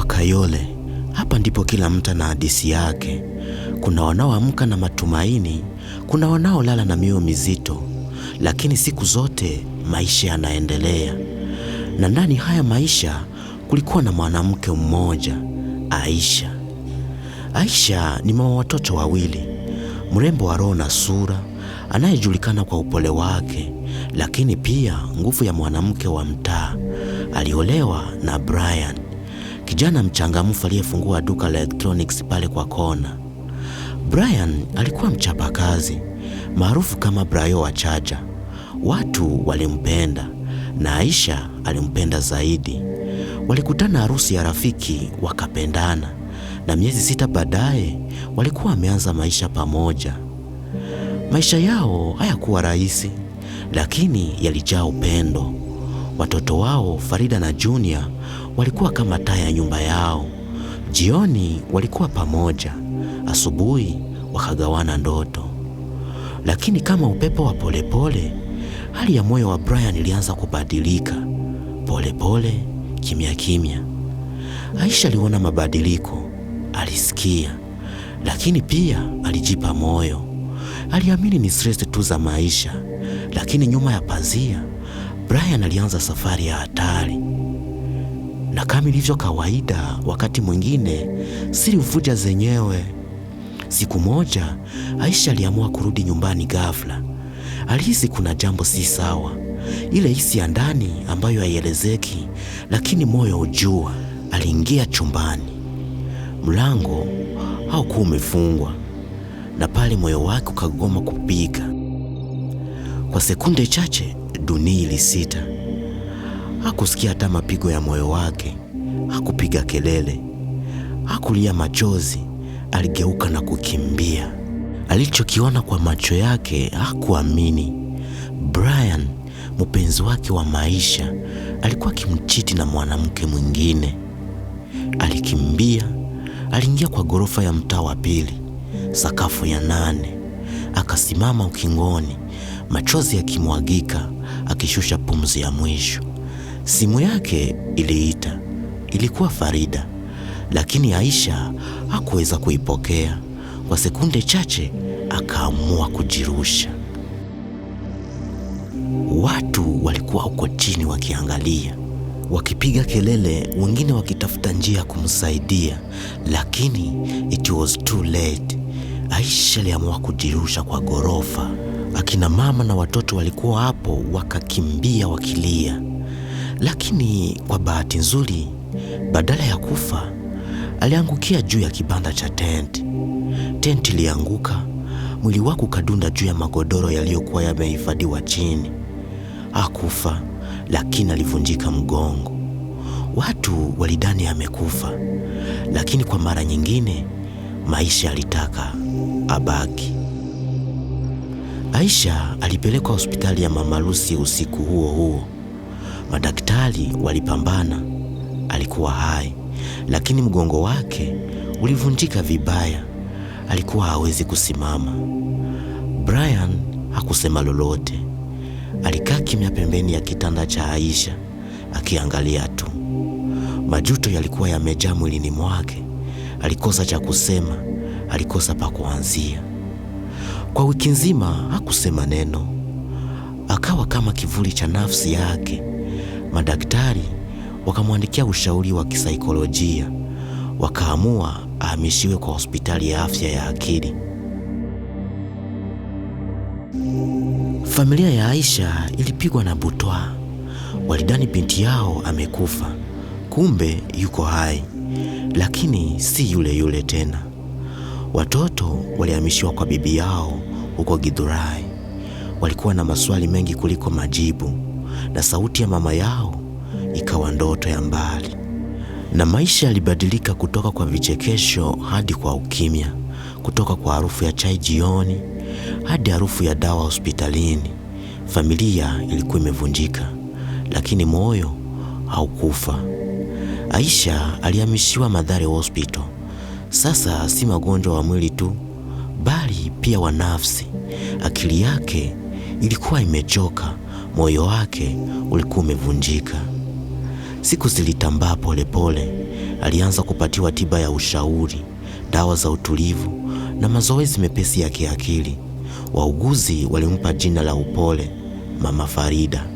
wa Kayole, hapa ndipo kila mtu na hadisi yake. Kuna wanaoamka na matumaini, kuna wanaolala na mioyo mizito, lakini siku zote maisha yanaendelea. Na ndani haya maisha kulikuwa na mwanamke mmoja, Aisha. Aisha ni mama watoto wawili, mrembo wa roho na sura, anayejulikana kwa upole wake, lakini pia nguvu ya mwanamke wa mtaa. Aliolewa na Brian kijana mchangamfu aliyefungua duka la electronics pale kwa kona. Brian alikuwa mchapakazi maarufu kama Brayo wa chaja. Watu walimpenda na Aisha alimpenda zaidi. Walikutana harusi ya rafiki wakapendana, na miezi sita baadaye walikuwa wameanza maisha pamoja. Maisha yao hayakuwa rahisi, lakini yalijaa upendo wao Farida na Junior walikuwa kama taa ya nyumba yao. Jioni walikuwa pamoja, asubuhi wakagawana ndoto. Lakini kama upepo wa polepole, hali ya moyo wa Brian ilianza kubadilika polepole, kimya kimya. Aisha aliona mabadiliko, alisikia, lakini pia alijipa moyo. Aliamini ni stress tu za maisha, lakini nyuma ya pazia Brian alianza safari ya hatari, na kama ilivyo kawaida, wakati mwingine siri huvuja zenyewe. Siku moja Aisha aliamua kurudi nyumbani ghafla. Alihisi kuna jambo si sawa, ile hisi ya ndani ambayo haielezeki, lakini moyo ujua. Aliingia chumbani, mlango haukuwa umefungwa, na pale moyo wake ukagoma kupiga. Kwa sekunde chache Dunia ilisita. Hakusikia hata mapigo ya moyo wake, hakupiga kelele, hakulia machozi. Aligeuka na kukimbia. Alichokiona kwa macho yake hakuamini. Brian, mpenzi wake wa maisha, alikuwa kimchiti na mwanamke mwingine. Alikimbia, aliingia kwa ghorofa ya mtaa wa pili, sakafu ya nane. Akasimama ukingoni, machozi yakimwagika akishusha pumzi ya mwisho. Simu yake iliita, ilikuwa Farida, lakini Aisha hakuweza kuipokea. Kwa sekunde chache akaamua kujirusha. Watu walikuwa huko chini wakiangalia, wakipiga kelele, wengine wakitafuta njia ya kumsaidia, lakini it was too late. Aisha aliamua kujirusha kwa ghorofa. Akina mama na watoto walikuwa hapo, wakakimbia wakilia, lakini kwa bahati nzuri, badala ya kufa aliangukia juu ya kibanda cha tenti. Tenti ilianguka, mwili wake ukadunda juu ya magodoro yaliyokuwa yamehifadhiwa chini. Hakufa, lakini alivunjika mgongo. Watu walidhani amekufa, lakini kwa mara nyingine maisha yalitaka abaki. Aisha alipelekwa hospitali ya mama Lucy usiku huo huo. Madaktari walipambana, alikuwa hai, lakini mgongo wake ulivunjika vibaya, alikuwa hawezi kusimama. Brian hakusema lolote, alikaa kimya pembeni ya kitanda cha Aisha akiangalia tu. Majuto yalikuwa yamejaa mwilini mwake, alikosa cha kusema, alikosa pa kuanzia. Kwa wiki nzima hakusema neno, akawa kama kivuli cha nafsi yake. Madaktari wakamwandikia ushauri wa kisaikolojia, wakaamua ahamishiwe kwa hospitali ya afya ya akili. Familia ya Aisha ilipigwa na butwa. Walidani binti yao amekufa, kumbe yuko hai, lakini si yule yule tena. Watoto walihamishiwa kwa bibi yao huko Githurai. Walikuwa na maswali mengi kuliko majibu, na sauti ya mama yao ikawa ndoto ya mbali. Na maisha yalibadilika kutoka kwa vichekesho hadi kwa ukimya, kutoka kwa harufu ya chai jioni hadi harufu ya dawa hospitalini. Familia ilikuwa imevunjika, lakini moyo haukufa. Aisha alihamishiwa Mathare Hospital sasa si magonjwa wa mwili tu, bali pia wa nafsi. Akili yake ilikuwa imechoka, moyo wake ulikuwa umevunjika. Siku zilitambaa polepole. Alianza kupatiwa tiba ya ushauri, dawa za utulivu na mazoezi mepesi ya kiakili. Wauguzi walimpa jina la upole, Mama Farida.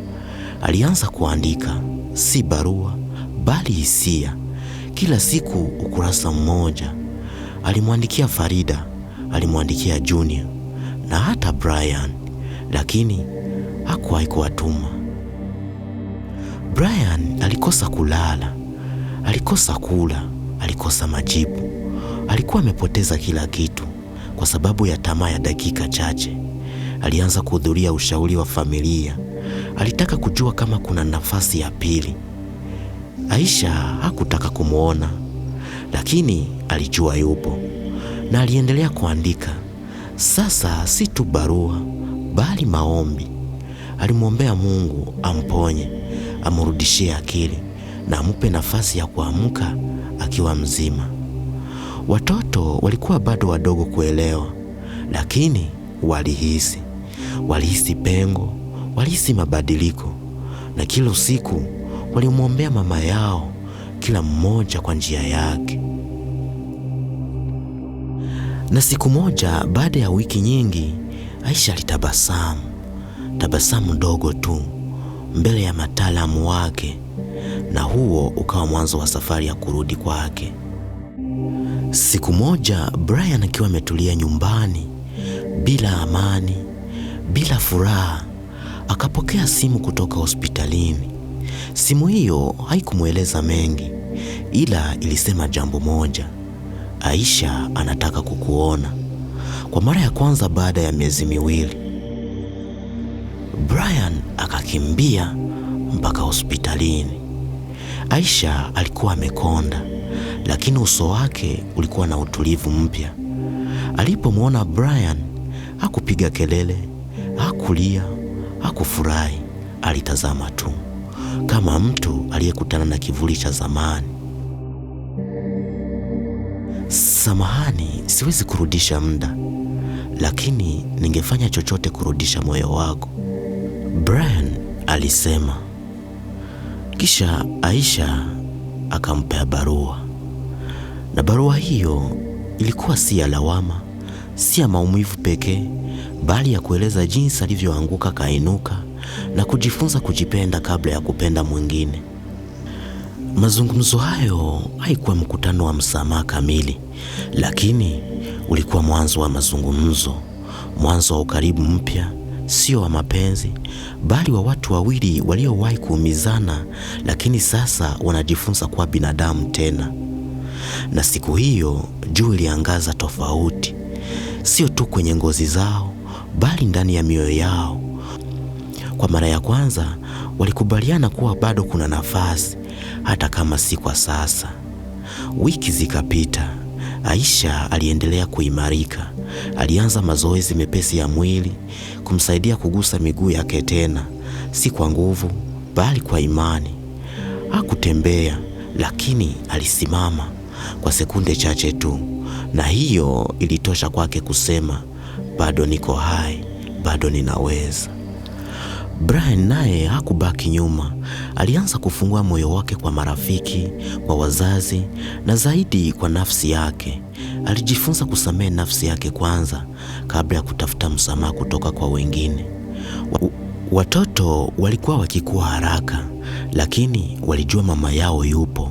Alianza kuandika, si barua bali hisia, kila siku ukurasa mmoja. Alimwandikia Farida, alimwandikia Junior na hata Brian, lakini hakuwahi kuwatuma. Brian alikosa kulala, alikosa kula, alikosa majibu. Alikuwa amepoteza kila kitu kwa sababu ya tamaa ya dakika chache. Alianza kuhudhuria ushauri wa familia, alitaka kujua kama kuna nafasi ya pili. Aisha hakutaka kumwona lakini alijua yupo na aliendelea kuandika. Sasa si tu barua, bali maombi. Alimwombea Mungu amponye, amrudishie akili na ampe nafasi ya kuamka akiwa mzima. Watoto walikuwa bado wadogo kuelewa, lakini walihisi, walihisi pengo, walihisi mabadiliko, na kila usiku walimwombea mama yao kila mmoja kwa njia yake. Na siku moja baada ya wiki nyingi, Aisha alitabasamu, tabasamu dogo tu mbele ya mataalamu wake, na huo ukawa mwanzo wa safari ya kurudi kwake. Siku moja Brian akiwa ametulia nyumbani bila amani, bila furaha, akapokea simu kutoka hospitalini. Simu hiyo haikumweleza mengi, ila ilisema jambo moja: Aisha anataka kukuona kwa mara ya kwanza baada ya miezi miwili. Brian akakimbia mpaka hospitalini. Aisha alikuwa amekonda, lakini uso wake ulikuwa na utulivu mpya. Alipomwona Brian hakupiga kelele, hakulia, hakufurahi, alitazama tu kama mtu aliyekutana na kivuli cha zamani. Samahani, siwezi kurudisha muda, lakini ningefanya chochote kurudisha moyo wako, Brian alisema. Kisha Aisha akampea barua, na barua hiyo ilikuwa si ya lawama, si ya maumivu pekee bali ya kueleza jinsi alivyoanguka kainuka na kujifunza kujipenda kabla ya kupenda mwingine. Mazungumzo hayo haikuwa mkutano wa msamaha kamili, lakini ulikuwa mwanzo wa mazungumzo, mwanzo wa ukaribu mpya, sio wa mapenzi, bali wa watu wawili waliowahi kuumizana, lakini sasa wanajifunza kuwa binadamu tena. Na siku hiyo jua iliangaza tofauti, sio tu kwenye ngozi zao, bali ndani ya mioyo yao. Kwa mara ya kwanza walikubaliana kuwa bado kuna nafasi, hata kama si kwa sasa. Wiki zikapita. Aisha aliendelea kuimarika. Alianza mazoezi mepesi ya mwili kumsaidia kugusa miguu yake tena, si kwa nguvu, bali kwa imani. Hakutembea, lakini alisimama kwa sekunde chache tu, na hiyo ilitosha kwake kusema bado niko hai, bado ninaweza. Brian naye hakubaki nyuma. Alianza kufungua moyo wake kwa marafiki, kwa wazazi na zaidi kwa nafsi yake. Alijifunza kusamehe nafsi yake kwanza kabla ya kutafuta msamaha kutoka kwa wengine. Watoto walikuwa wakikua haraka, lakini walijua mama yao yupo.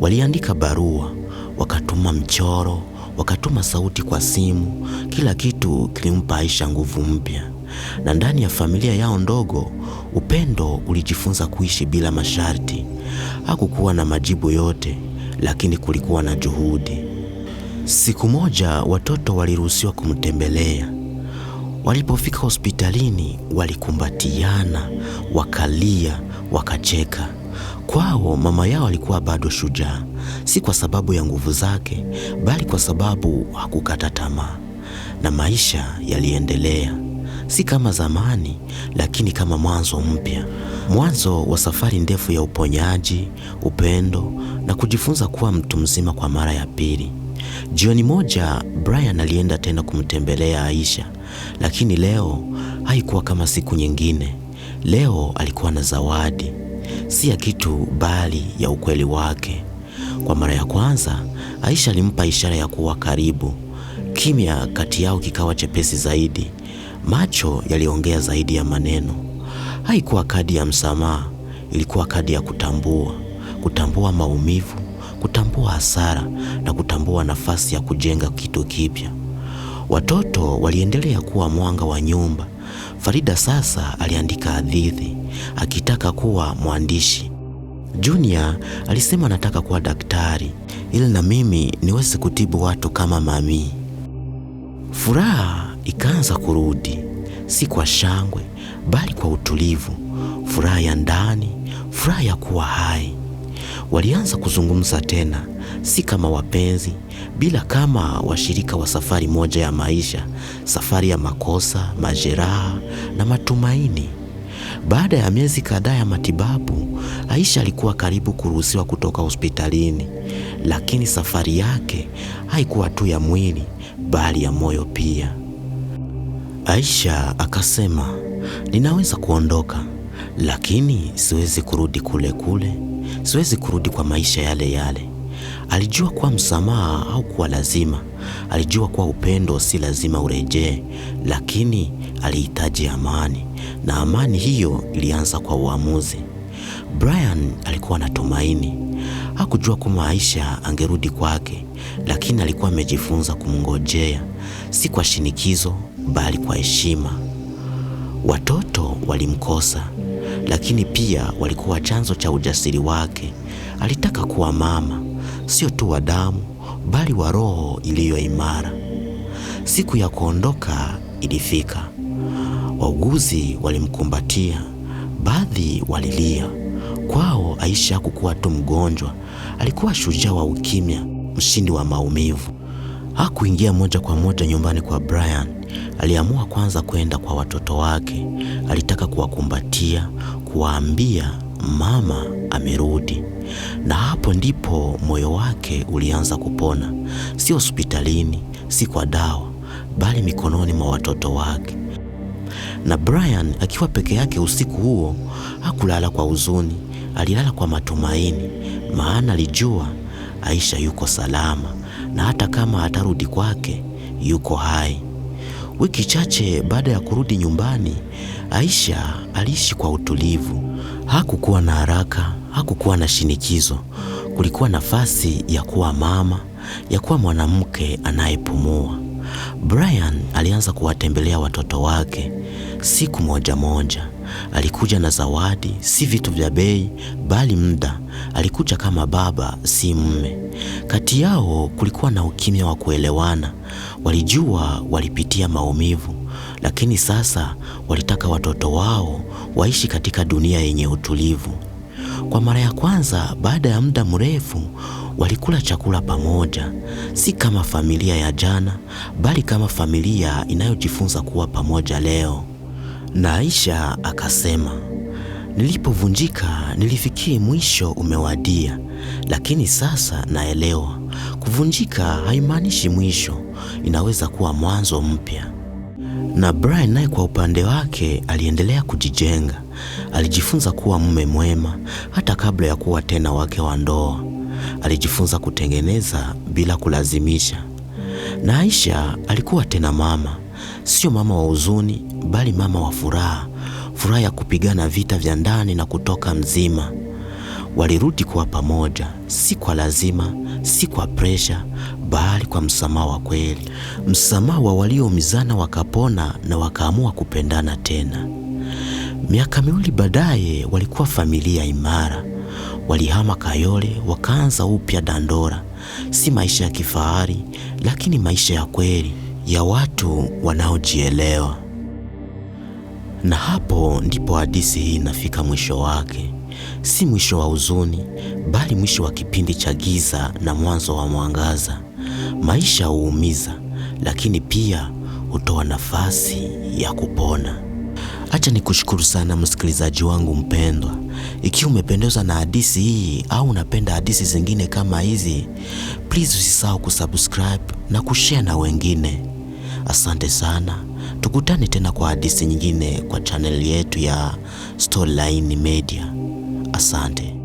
Waliandika barua, wakatuma mchoro wakatuma sauti kwa simu. Kila kitu kilimpa Aisha nguvu mpya, na ndani ya familia yao ndogo upendo ulijifunza kuishi bila masharti. Hakukuwa na majibu yote, lakini kulikuwa na juhudi. Siku moja watoto waliruhusiwa kumtembelea. Walipofika hospitalini, walikumbatiana, wakalia, wakacheka. Kwao mama yao alikuwa bado shujaa si kwa sababu ya nguvu zake, bali kwa sababu hakukata tamaa, na maisha yaliendelea, si kama zamani, lakini kama mwanzo mpya, mwanzo wa safari ndefu ya uponyaji, upendo na kujifunza kuwa mtu mzima kwa mara ya pili. Jioni moja Brian alienda tena kumtembelea Aisha, lakini leo haikuwa kama siku nyingine. Leo alikuwa na zawadi, si ya kitu, bali ya ukweli wake. Kwa mara ya kwanza Aisha alimpa ishara ya kuwa karibu. Kimya kati yao kikawa chepesi zaidi, macho yaliongea zaidi ya maneno. Haikuwa kadi ya msamaha, ilikuwa kadi ya kutambua, kutambua maumivu, kutambua hasara na kutambua nafasi ya kujenga kitu kipya. Watoto waliendelea kuwa mwanga wa nyumba. Farida sasa aliandika hadithi, akitaka kuwa mwandishi, Junior alisema anataka kuwa daktari ili na mimi niweze kutibu watu kama mami. Furaha ikaanza kurudi, si kwa shangwe, bali kwa utulivu, furaha ya ndani, furaha ya kuwa hai. Walianza kuzungumza tena, si kama wapenzi, bila kama washirika wa safari moja ya maisha, safari ya makosa, majeraha na matumaini. Baada ya miezi kadhaa ya matibabu, Aisha alikuwa karibu kuruhusiwa kutoka hospitalini, lakini safari yake haikuwa tu ya mwili, bali ya moyo pia. Aisha akasema, ninaweza kuondoka, lakini siwezi kurudi kule kule, siwezi kurudi kwa maisha yale yale. Alijua kuwa msamaha haukuwa lazima, alijua kuwa upendo si lazima urejee, lakini alihitaji amani, na amani hiyo ilianza kwa uamuzi. Brian alikuwa na tumaini. Hakujua kuwa Maisha angerudi kwake, lakini alikuwa amejifunza kumngojea, si kwa shinikizo, bali kwa heshima. Watoto walimkosa, lakini pia walikuwa chanzo cha ujasiri wake. Alitaka kuwa mama, sio tu wa damu, bali wa roho iliyo imara. Siku ya kuondoka ilifika. Wauguzi walimkumbatia, baadhi walilia. Kwao Aisha hakukuwa tu mgonjwa, alikuwa shujaa wa ukimya, mshindi wa maumivu. Hakuingia moja kwa moja nyumbani kwa Brian. Aliamua kwanza kwenda kwa watoto wake. Alitaka kuwakumbatia, kuwaambia mama amerudi. Na hapo ndipo moyo wake ulianza kupona, si hospitalini, si kwa dawa, bali mikononi mwa watoto wake na Brian akiwa peke yake usiku huo hakulala kwa huzuni, alilala kwa matumaini, maana alijua Aisha yuko salama na hata kama atarudi kwake yuko hai. Wiki chache baada ya kurudi nyumbani, Aisha aliishi kwa utulivu. Hakukuwa na haraka, hakukuwa na shinikizo. Kulikuwa nafasi ya kuwa mama, ya kuwa mwanamke anayepumua. Brian alianza kuwatembelea watoto wake. Siku moja moja alikuja na zawadi, si vitu vya bei, bali muda. Alikuja kama baba, si mume. Kati yao kulikuwa na ukimya wa kuelewana. Walijua walipitia maumivu, lakini sasa walitaka watoto wao waishi katika dunia yenye utulivu. Kwa mara ya kwanza baada ya muda mrefu walikula chakula pamoja, si kama familia ya jana, bali kama familia inayojifunza kuwa pamoja leo. Na Aisha akasema, nilipovunjika nilifikie mwisho umewadia, lakini sasa naelewa kuvunjika haimaanishi mwisho, inaweza kuwa mwanzo mpya. Na Brian naye kwa upande wake aliendelea kujijenga. Alijifunza kuwa mume mwema hata kabla ya kuwa tena wake wa ndoa. Alijifunza kutengeneza bila kulazimisha. Na Aisha alikuwa tena mama, sio mama wa huzuni, bali mama wa furaha, furaha ya kupigana vita vya ndani na kutoka mzima. Walirudi kuwa pamoja, si kwa lazima, si kwa presha, bali kwa msamaha wa kweli, msamaha wa walioumizana, wakapona na wakaamua kupendana tena. Miaka miwili baadaye walikuwa familia imara. Walihama Kayole, wakaanza upya Dandora, si maisha ya kifahari, lakini maisha ya kweli ya watu wanaojielewa. Na hapo ndipo hadithi hii inafika mwisho wake, si mwisho wa huzuni, bali mwisho wa kipindi cha giza na mwanzo wa mwangaza. Maisha huumiza, lakini pia hutoa nafasi ya kupona. Acha nikushukuru sana msikilizaji wangu mpendwa, ikiwa umependezwa na hadithi hii au unapenda hadithi zingine kama hizi, please usisahau kusubscribe na kushare na wengine. Asante sana, tukutane tena kwa hadithi nyingine kwa chaneli yetu ya Storyline Media. Asante.